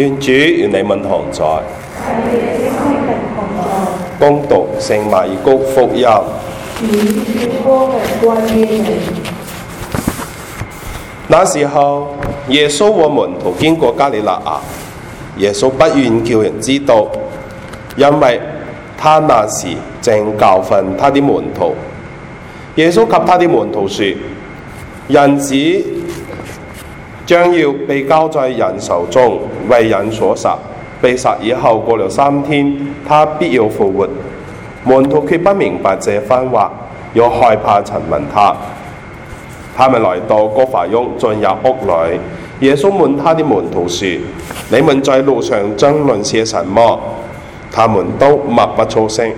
願主與你們同在，恭讀聖馬爾谷福音。那時候，耶穌和門徒經過加里肋亞，耶穌不願叫人知道，因為他那時正教訓他的門徒。耶穌及他的門徒説：人子，將要被交在人手中，為人所殺。被殺以後，過了三天，他必要復活。門徒卻不明白這番話，又害怕，詢問他。他們來到葛法翁，進入屋裏。耶穌問他的門徒説：你們在路上爭論些什麼？他們都默不作聲，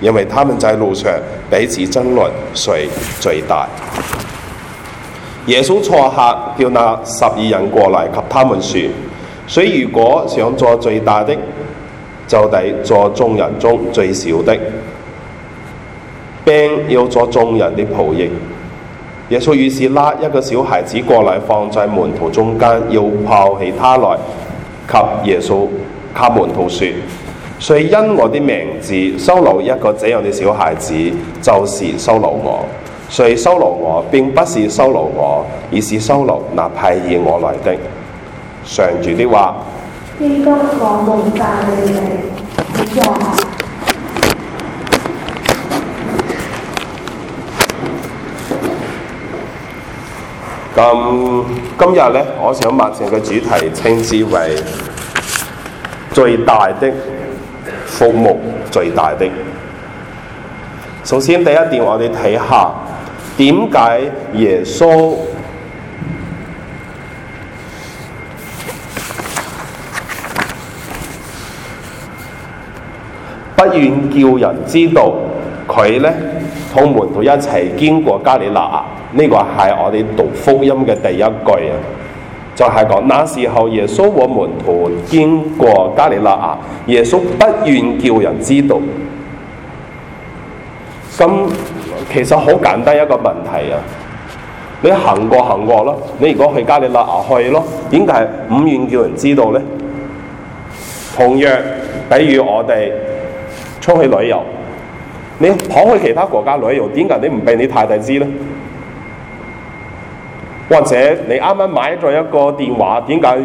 因為他們在路上彼此爭論誰最大。耶穌坐下叫那十二人過嚟，給他們説：所以如果想做最大的，就得做眾人中最小的；並要作眾人的僕役。耶穌於是拉一個小孩子過嚟，放在門徒中間，要抱起他來，給耶穌、給門徒説：所以因我的名字收留一個這樣的小孩子，就是收留我。所以收留我，並不是收留我，而是收留那派遣我來的。常住的話，咁今日咧，我想擘成嘅主題，稱之為最大的服務。最大的。首先第一點，我哋睇下。點解耶穌不願叫人知道佢咧，同門徒一齊經過加里肋亞？呢、這個係我哋讀福音嘅第一句啊！就係、是、講那時候耶穌和門徒經過加里肋亞，耶穌不願叫人知道。咁。其實好簡單一個問題啊！你行過行過咯，你如果去加里肋亞去咯，點解唔願叫人知道咧？同樣，比如我哋出去旅遊，你跑去其他國家旅遊，點解你唔俾你太太知咧？或者你啱啱買咗一個電話，點解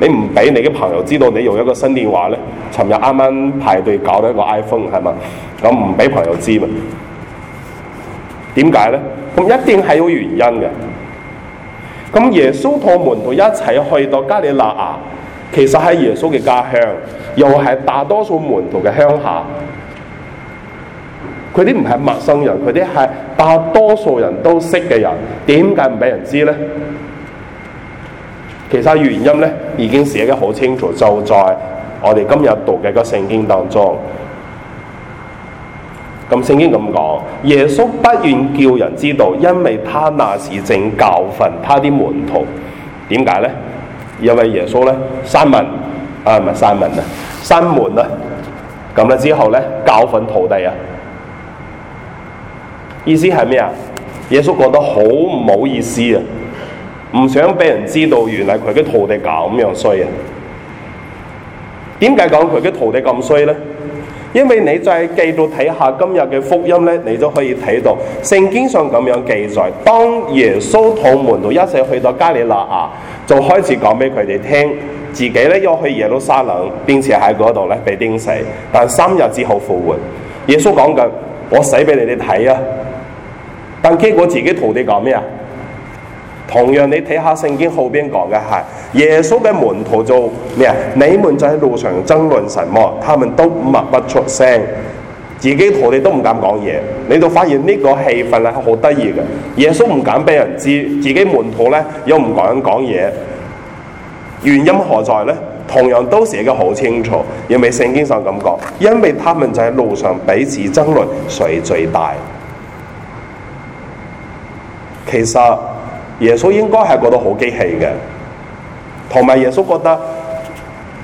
你唔俾你嘅朋友知道你用一個新電話咧？尋日啱啱排隊搞到一個 iPhone 係嘛，咁唔俾朋友知嘛？點解咧？咁一定係有原因嘅。咁耶穌同門徒一齊去到加里肋亞，其實係耶穌嘅家鄉，又係大多數門徒嘅鄉下。佢啲唔係陌生人，佢啲係大多數人都識嘅人。點解唔俾人知咧？其實原因咧，已經寫得好清楚，就在我哋今日讀嘅個聖經當中。咁聖經咁講，耶穌不願叫人知道，因為他那時正教訓他啲門徒。點解咧？因為耶穌咧，山門啊唔係山門啊，山門啊。咁啦之後咧，教訓徒弟啊。意思係咩啊？耶穌講得好唔好意思啊？唔想俾人知道，原來佢嘅徒弟咁樣衰啊？點解講佢嘅徒弟咁衰咧？因為你再繼續睇下今日嘅福音呢，你都可以睇到聖經上這樣記載，當耶穌同門徒一齊去到加里肋亞，就開始講畀佢哋聽，自己呢，要去耶路撒冷，並且喺嗰度呢，被釘死，但三日之後復活。耶穌講緊，我死畀你哋睇啊！但結果自己徒弟講咩啊？同樣你睇下聖經後邊講嘅係耶穌嘅門徒做咩啊？你們就在路上爭論什麼？他們都默不出聲，自己徒弟都唔敢講嘢。你就發現呢個氣氛咧，好得意嘅。耶穌唔敢俾人知，自己門徒咧又唔敢講嘢。原因何在咧？同樣都寫得好清楚，因為聖經上咁講，因為他們就喺路上彼此爭論誰最大。其實。耶穌應該係覺得好激氣嘅，同埋耶穌覺得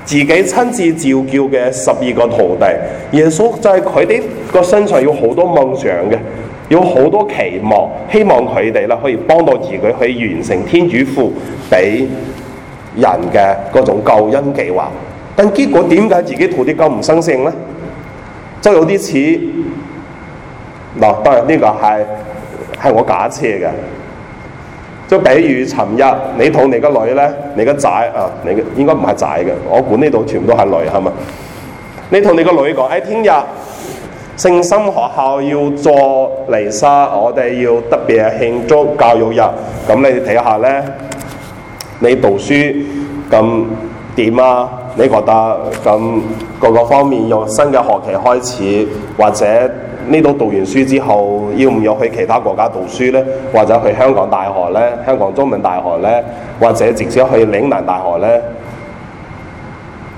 自己親自召叫嘅十二個徒弟，耶穌就係佢哋個身上有好多夢想嘅，有好多期望，希望佢哋啦可以幫到自己，去完成天主父俾人嘅嗰種救恩計劃。但結果點解自己徒弟咁唔生性咧？就有啲似，嗱，當然呢個係係我假設嘅。就比如尋日，你同你個女呢，你個仔啊，你的應該唔係仔嘅，我管呢度全部都係女，係嘛？你同你個女講，哎，聽日聖心學校要做彌撒，我哋要特別係慶祝教育日，咁你睇下咧，你讀書咁點啊？你覺得咁各個方面用新嘅學期開始或者？呢度讀完書之後，要唔要去其他國家讀書呢？或者去香港大學呢？香港中文大學呢？或者直接去嶺南大學呢？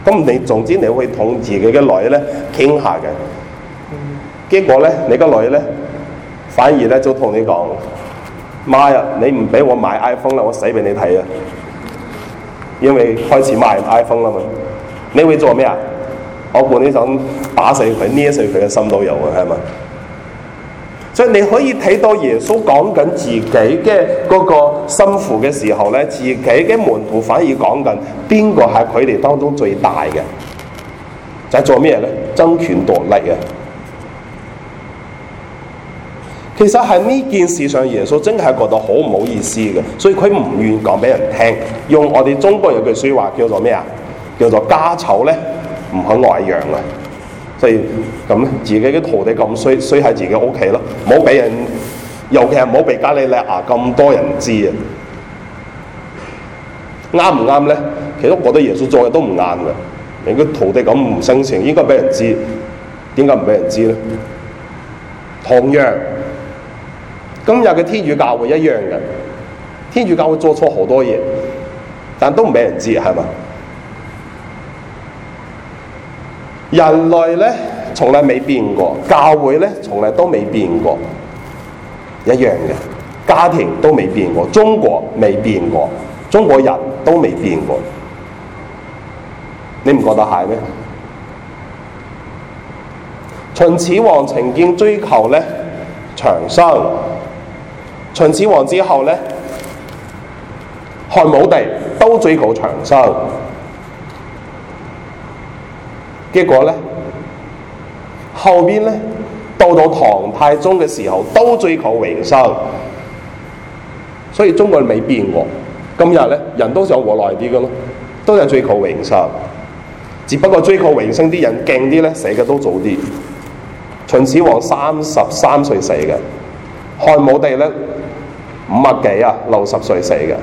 咁你總之你去同自己嘅女兒呢傾下嘅，結果呢？你個女兒呢？反而呢，就同你講，媽呀、啊，你唔畀我買 iPhone 啦，我死畀你睇呀、啊！因為開始賣 iPhone 啦嘛。你會做咩呀？」我本呢想打死佢，捏死佢嘅心都有嘅，係嘛？所以你可以睇到耶穌講緊自己嘅嗰個心負嘅時候咧，自己嘅門徒反而講緊邊個係佢哋當中最大嘅，就係做咩咧？爭權奪利啊！其實喺呢件事上，耶穌真係覺得好唔好意思嘅，所以佢唔願意講俾人聽。用我哋中國有句説話叫做咩啊？叫做家醜咧。唔肯外揚啊，所以咁自己啲徒弟咁衰，衰喺自己屋企咯，唔好俾人，尤其係唔好俾加里肋亞咁多人知啊，啱唔啱咧？其實我覺得耶穌做嘅都唔啱嘅，連個徒弟咁唔聲情，應該俾人知，點解唔俾人知咧？同樣今日嘅天主教會一樣嘅，天主教會做錯好多嘢，但都唔俾人知，係嘛？人類咧從來未變過，教會咧從來都未變過，一樣嘅家庭都未變過，中國未變過，中國人都未變過，你唔覺得係咩？秦始皇、曾經追求咧長生，秦始皇之後咧，漢武帝都追求長生。結果咧，後邊咧到到唐太宗嘅時候都追求永生，所以中國未變過。今日咧人都想活耐啲嘅咯，都係追求永生，只不過追求永生啲人勁啲咧，死嘅都早啲。秦始皇三十三歲死嘅，漢武帝咧五啊幾啊六十歲死嘅，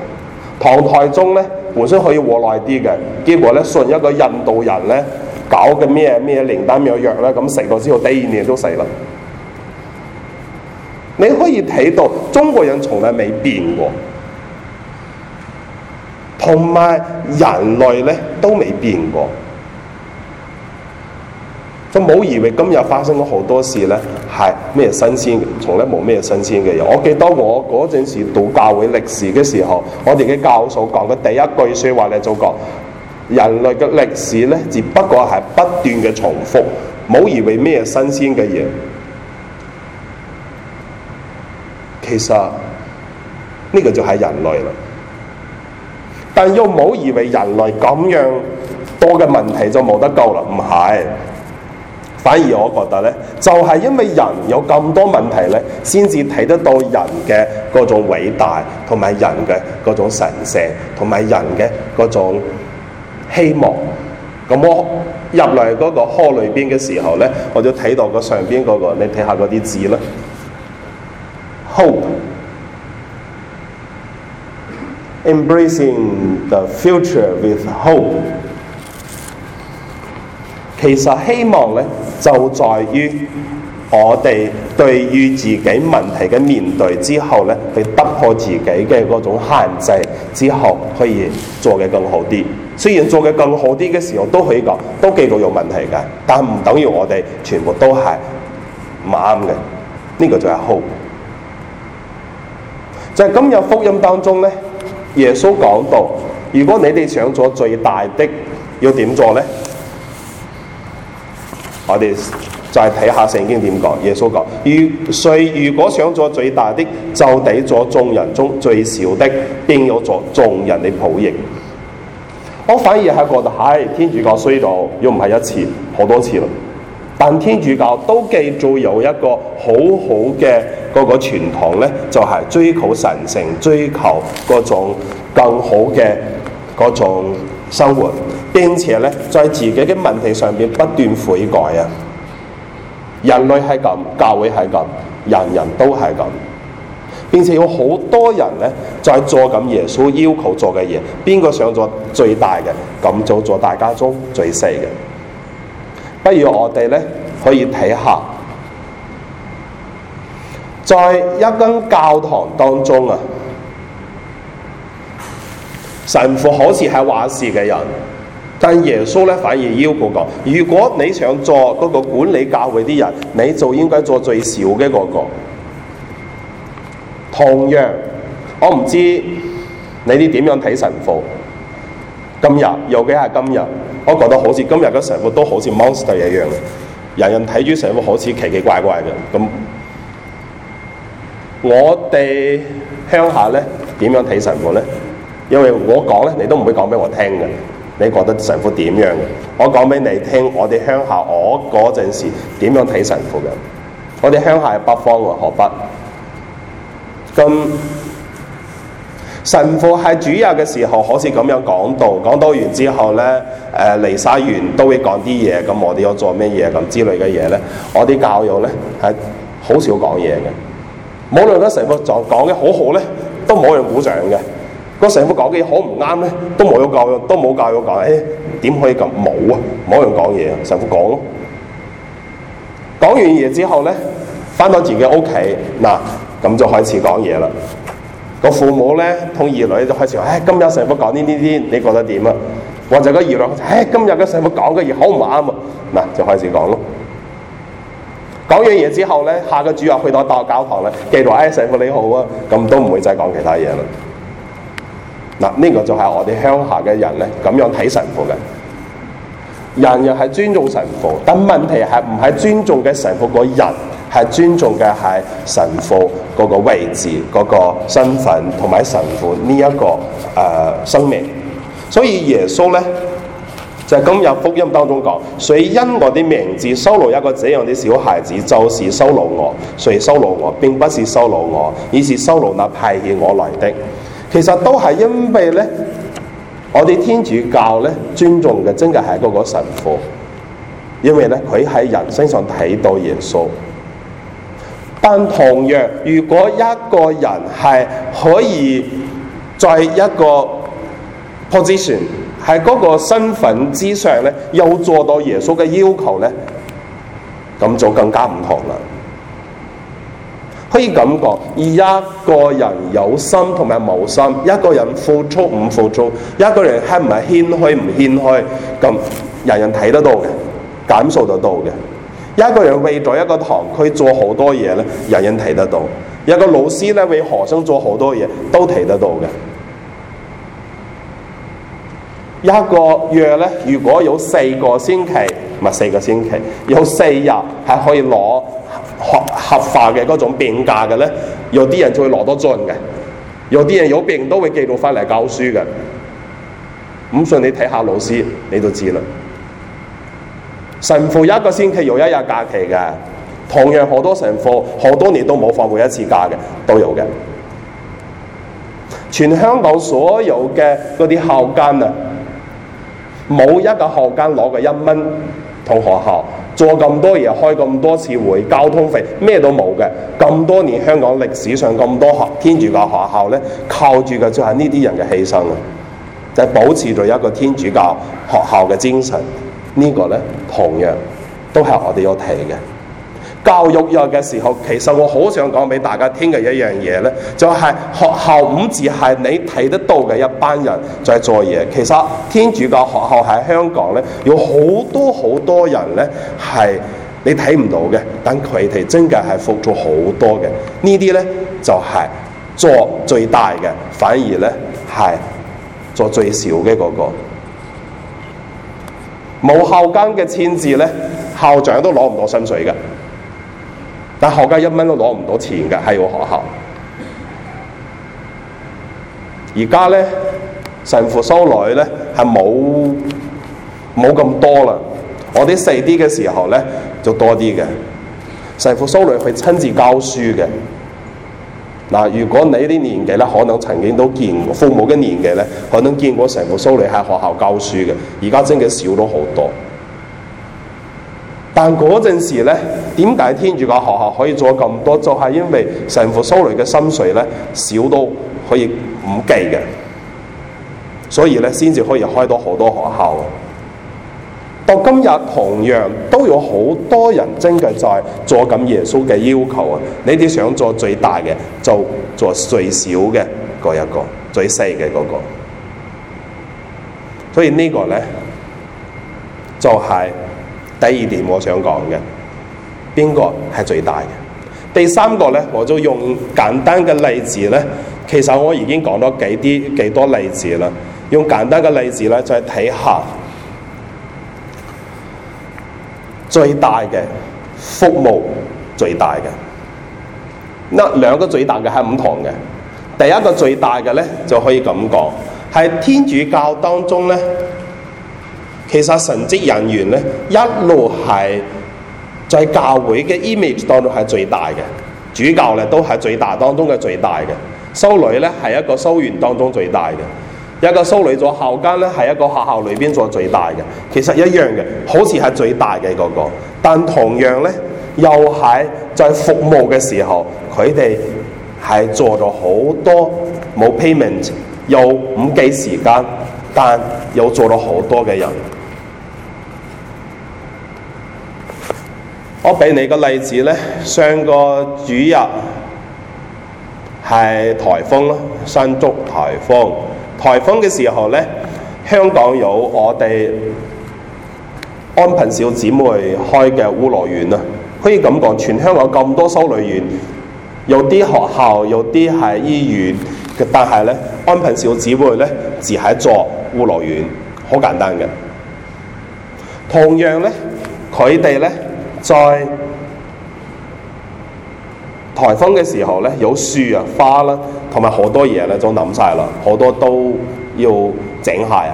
唐太宗咧本身可以活耐啲嘅，結果咧信一個印度人咧。搞嘅咩咩靈丹妙藥啦，咁食過之後，第二年都死啦。你可以睇到中國人從來未變過，同埋人類咧都未變過。就冇疑為今日發生咗好多事咧，係咩新鮮？從來冇咩新鮮嘅嘢。我記得我嗰陣時讀教會歷史嘅時候，我哋嘅教授講嘅第一句説話咧就講。人類嘅歷史咧，只不過係不斷嘅重複，冇以為咩新鮮嘅嘢。其實呢個就係人類啦，但要冇以為人類咁樣多嘅問題就冇得救啦，唔係。反而我覺得咧，就係因為人有咁多問題咧，先至睇得到人嘅嗰種偉大，同埋人嘅嗰種神聖，同埋人嘅嗰種。希望，咁我入嚟嗰個殼裏邊嘅時候咧，我就睇到個上面嗰個，你睇下嗰啲字啦。Hope, embracing the future with hope。其實希望咧就在於。我哋對於自己問題嘅面對之後咧，去突破自己嘅嗰種限制之後，可以做得更好啲。雖然做得更好啲嘅時候都可以講，都幾有問題嘅，但唔等於我哋全部都係唔啱嘅。呢、這個就係好。就在、是、今日福音當中咧，耶穌講到：「如果你哋想做最大的，要點做咧？」我哋。就係睇下聖經點講，耶穌講如誰如果想做最大的，就得做眾人中最小的，並有做眾人的抱應。我反而係覺得，係、哎、天主教衰到要唔係一次，好多次啦，但天主教都記住有一個很好好嘅嗰個傳統呢，就係、是、追求神聖，追求嗰種更好嘅嗰種生活。並且呢，在自己嘅問題上面不斷悔改啊。人類係咁，教會係咁，人人都係咁，並且有好多人咧，在做緊耶穌要求做嘅嘢。邊個想做最大嘅，咁就做，做大家中最細嘅。不如我哋咧可以睇下，在一間教堂當中啊，神父好似係話事嘅人。但耶穌咧反而要求嗰個，如果你想做嗰個管理教會啲人，你就應該做最少嘅嗰個。同樣，我唔知你哋點樣睇神父。今日，尤其係今日，我覺得好似今日嘅神父都好似 monster 一樣，人人睇住神父好似奇奇怪怪嘅。咁，我哋鄉下咧點樣睇神父咧？因為我講咧，你都唔會講俾我聽嘅。你覺得神父點樣嘅？我講俾你聽，我哋鄉下我嗰陣時點樣睇神父嘅？我哋鄉下係北方喎，河北。咁神父係主日嘅時候，好似咁樣講道。講到完之後咧，誒、呃、彌撒完都會講啲嘢。咁我哋要做咩嘢咁之類嘅嘢咧？我啲教育咧係好少講嘢嘅。無論咧神父講講嘅好好咧，都冇人鼓掌嘅。嗰神父講嘅嘢好唔啱咧，都冇有教育，都冇教育講，誒、哎、點可以咁冇啊？冇人講嘢啊！神父講咯，講完嘢之後咧，返到自己屋企嗱，咁就開始講嘢啦。個父母咧同兒女就開始話：，誒、哎、今日神父講呢啲啲，你覺得點啊？或者個兒女說：，誒、哎、今日個神父講嘅嘢好唔啱啊！嗱，就開始講咯。講完嘢之後咧，下個主日去到大教堂咧，記錄：，哎，神父你好啊，咁都唔會再講其他嘢啦。嗱，呢個就係我哋鄉下嘅人咧，咁樣睇神父嘅。人又係尊重神父，但問題係唔係尊重嘅神父個人，係尊重嘅係神父嗰個位置、嗰、嗰個身份同埋神父呢一、這個誒、呃、生命。所以耶穌咧，就係、是、今日福音當中講：誰因我啲名字收留一個這樣啲小孩子，就是收留我。誰收留我？並不是收留我，而是收留那派遣我來的。其實都係因為咧，我哋天主教咧尊重嘅，真係係嗰個神父，因為咧佢喺人身上睇到耶穌。但同樣，如果一個人係可以在一個 position 喺嗰個身份之上咧，又做到耶穌嘅要求咧，咁就更加唔同啦。可以咁講，一個人有心同埋冇心，一個人付出唔付出，一個人係唔係謙虛唔謙虛，咁人人睇得到嘅，感受得到嘅。一個人為咗一個堂區做好多嘢咧，人人睇得到。一個老師咧，為學生做好多嘢，都睇得到嘅。一個月咧，如果有四個星期，唔係四個星期，有四日係可以攞。學合法嘅嗰種病假嘅咧，有啲人就會攞多樽嘅，有啲人有病都會記錄翻嚟教書嘅。咁所以你睇下老師，你都知啦。神父一個星期有一日假期嘅，同樣好多神父好多年都冇放過一次假嘅，都有嘅。全香港所有嘅嗰啲校監啊，冇一個校監攞過一蚊同學校。做咁多嘢，開咁多次會，交通費咩都冇嘅。咁多年香港歷史上咁多學天主教學校咧，靠住嘅就係呢啲人嘅犧牲啊，就係、保持咗一個天主教學校嘅精神。呢個、呢個咧，同樣都係我哋要睇嘅。教育嘢嘅時候，其實我好想講俾大家聽嘅一樣嘢呢，就係、是、學校五字係你睇得到嘅一班人在做嘢。其實天主教學校喺香港呢，有好多好多人呢，係你睇唔到嘅，但佢哋真嘅係服咗好多嘅。呢啲呢，就係做最大嘅，反而呢，係做最少嘅嗰個。冇校監嘅簽字呢，校長都攞唔到薪水嘅。但學家一蚊都攞唔到錢嘅，喺我學校。而家咧神父修女咧係冇冇咁多啦。我哋細啲嘅時候咧就多啲嘅，神父修女係親自教書嘅。嗱，如果你啲年紀咧可能曾經都見過父母嘅年紀咧，可能見過神父修女喺學校教書嘅，而家真嘅少咗好多。但嗰陣時咧，點解天主教學校可以做咁多？就係、是、因為神父蘇雷嘅薪水咧少到可以唔計嘅，所以咧先至可以開到好多學校，啊。到今日同樣都有好多人真嘅在做緊耶穌嘅要求啊！你哋想做最大嘅，就做，做最少嘅嗰一個，最細嘅嗰個。所以個呢個咧就係、是。第二點我想講嘅，邊個係最大嘅？第三個咧，我就用簡單嘅例子咧，其實我已經講咗幾啲幾多例子啦。用簡單嘅例子咧，再睇下最大嘅服務最大嘅，嗱，兩個最大嘅係唔同嘅。第一個最大嘅咧，就可以咁講，係天主教當中咧。其實神職人員咧，一路係在教會嘅 image 當中係最大嘅，主教咧都係最大當中嘅最大嘅，修女咧係一個修院當中最大嘅，一個修女做校監咧係一個學校裏邊做最大嘅，其實一樣嘅，好似係最大嘅嗰個，但同樣咧又係在服務嘅時候，佢哋係做咗好多冇 payment，又唔計時間，但又做咗好多嘅人。我俾你個例子呢，上個主日係颱風咯，山竹颱風。颱風嘅時候呢，香港有我哋安貧小姊妹開嘅烏羅園啊，可以咁講，全香港咁多修女院，有啲學校，有啲係醫院，但係呢，安貧小姊妹呢，只係一座烏羅園，好簡單嘅。同樣呢，佢哋呢。在颱風嘅時候呢，有樹啊、花啦，同埋好多嘢呢都冧晒啦，好多都要整下呀。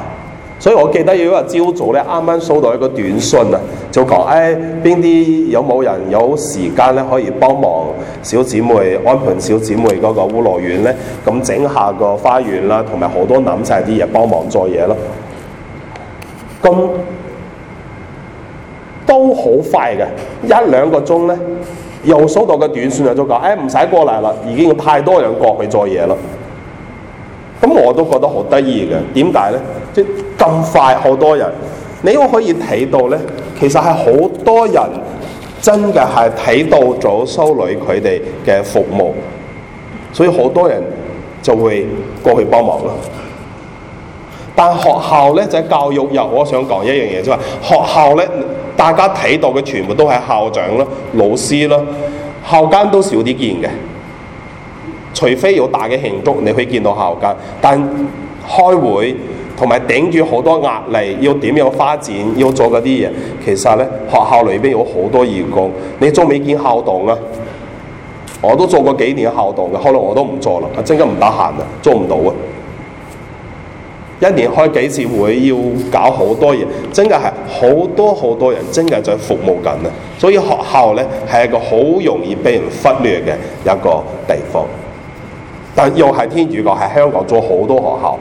所以我記得有一日朝早呢，啱啱收到一個短信啊，就講，誒，邊啲有冇人有時間呢？可以幫忙小姊妹，安貧小姊妹嗰個烏來園咧，咁整下個花園啦，同埋好多諗晒啲嘢，幫忙做嘢咯。咁、嗯。都好快嘅，一兩個鐘咧，又收到嘅短信就都講。哎，唔使過嚟啦，已經有太多人過嚟做嘢啦。咁我都覺得好得意嘅，點解咧？即係咁快，好多人，你我可以睇到咧，其實係好多人真嘅係睇到咗修女佢哋嘅服務，所以好多人就會過去幫忙啦。但學校咧就係教育入，我想講一樣嘢，即係話學校咧，大家睇到嘅全部都係校長啦、老師啦，校監都少啲見嘅。除非有大嘅慶祝，你可以見到校監。但開會同埋頂住好多壓力，要點樣發展，要做嗰啲嘢，其實咧學校裏面有好多員工。你做未見校董啊？我都做過幾年校董嘅，後來我都唔做啦，真係唔得閒啊，做唔到啊。一年開幾次會，要搞好多嘢，真嘅係好多好多人，真嘅就服務緊啊！所以學校咧係一個好容易俾人忽略嘅一個地方，但又係天主教喺香港做好多學校，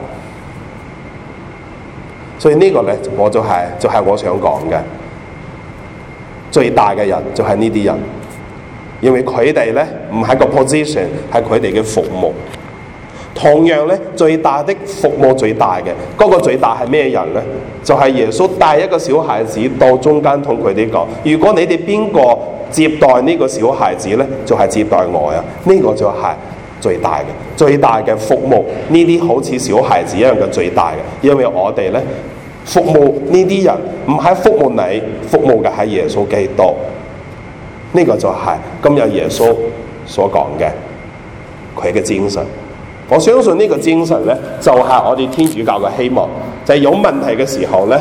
所以這個呢個咧我就係、是、就係、是、我想講嘅最大嘅人就係呢啲人，因為佢哋咧唔係個 position，係佢哋嘅服務。同樣咧，最大的服務最大嘅，嗰個最大係咩人呢？就係耶穌帶一個小孩子到中間同佢哋講：如果你哋邊個接待呢個小孩子呢，就係接待我啊！呢個就係最大嘅，最大嘅服務。呢啲好似小孩子一樣嘅最大嘅，因為我哋呢服務呢啲人唔係服務你，服務嘅係耶穌基督。呢個就係今日耶穌所講嘅佢嘅精神。我相信呢個精神呢，就係我哋天主教嘅希望。就係有問題嘅時候呢，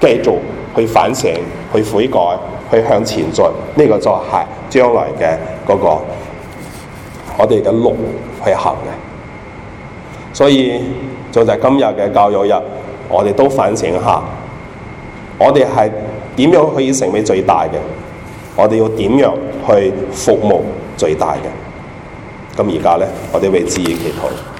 繼續去反省、去悔改、去向前進，呢個就係將來嘅嗰個我哋嘅路去行的。所以就在今日嘅教育日，我哋都反省一下，我哋係點樣可以成為最大嘅？我哋要點樣去服務最大嘅？咁而家咧，我哋為之祈禱。